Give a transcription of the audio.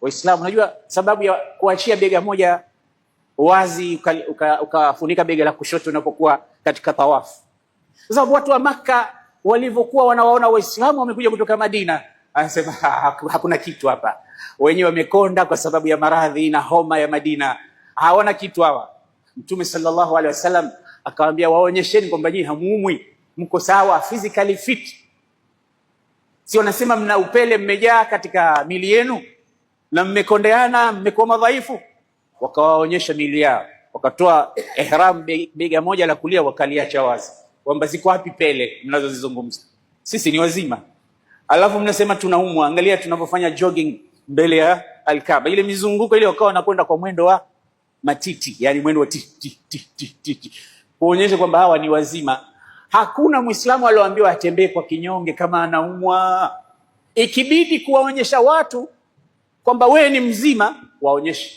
Waislamu, unajua sababu ya kuachia bega moja wazi ukafunika uka uka bega la kushoto unapokuwa katika tawafu. Sasa watu wa Makka walivyokuwa wanawaona Waislamu wamekuja kutoka Madina, anasema hakuna kitu hapa, wenyewe wamekonda kwa sababu ya maradhi na homa ya Madina, hawana kitu hawa. Mtume sallallahu alaihi wasallam akawaambia, waonyesheni kwamba nyinyi hamuumwi, mko sawa, physically fit. Si wanasema mna upele mmejaa katika mili yenu na mmekondeana, mmekuwa madhaifu. Wakawaonyesha miili yao, wakatoa ihram, bega moja la kulia wakaliacha wazi, kwamba ziko wapi pele mnazozizungumza? Sisi ni wazima, alafu mnasema tunaumwa. Angalia tunavyofanya jogging mbele ya Alkaba, ile mizunguko ile, wakawa wanakwenda kwa mwendo wa matiti, yani mwendo wa ti ti ti ti ti, kuonyesha kwamba hawa ni wazima. Hakuna Mwislamu alioambiwa atembee kwa kinyonge kama anaumwa. Ikibidi kuwaonyesha watu kwamba wewe ni mzima, waonyeshe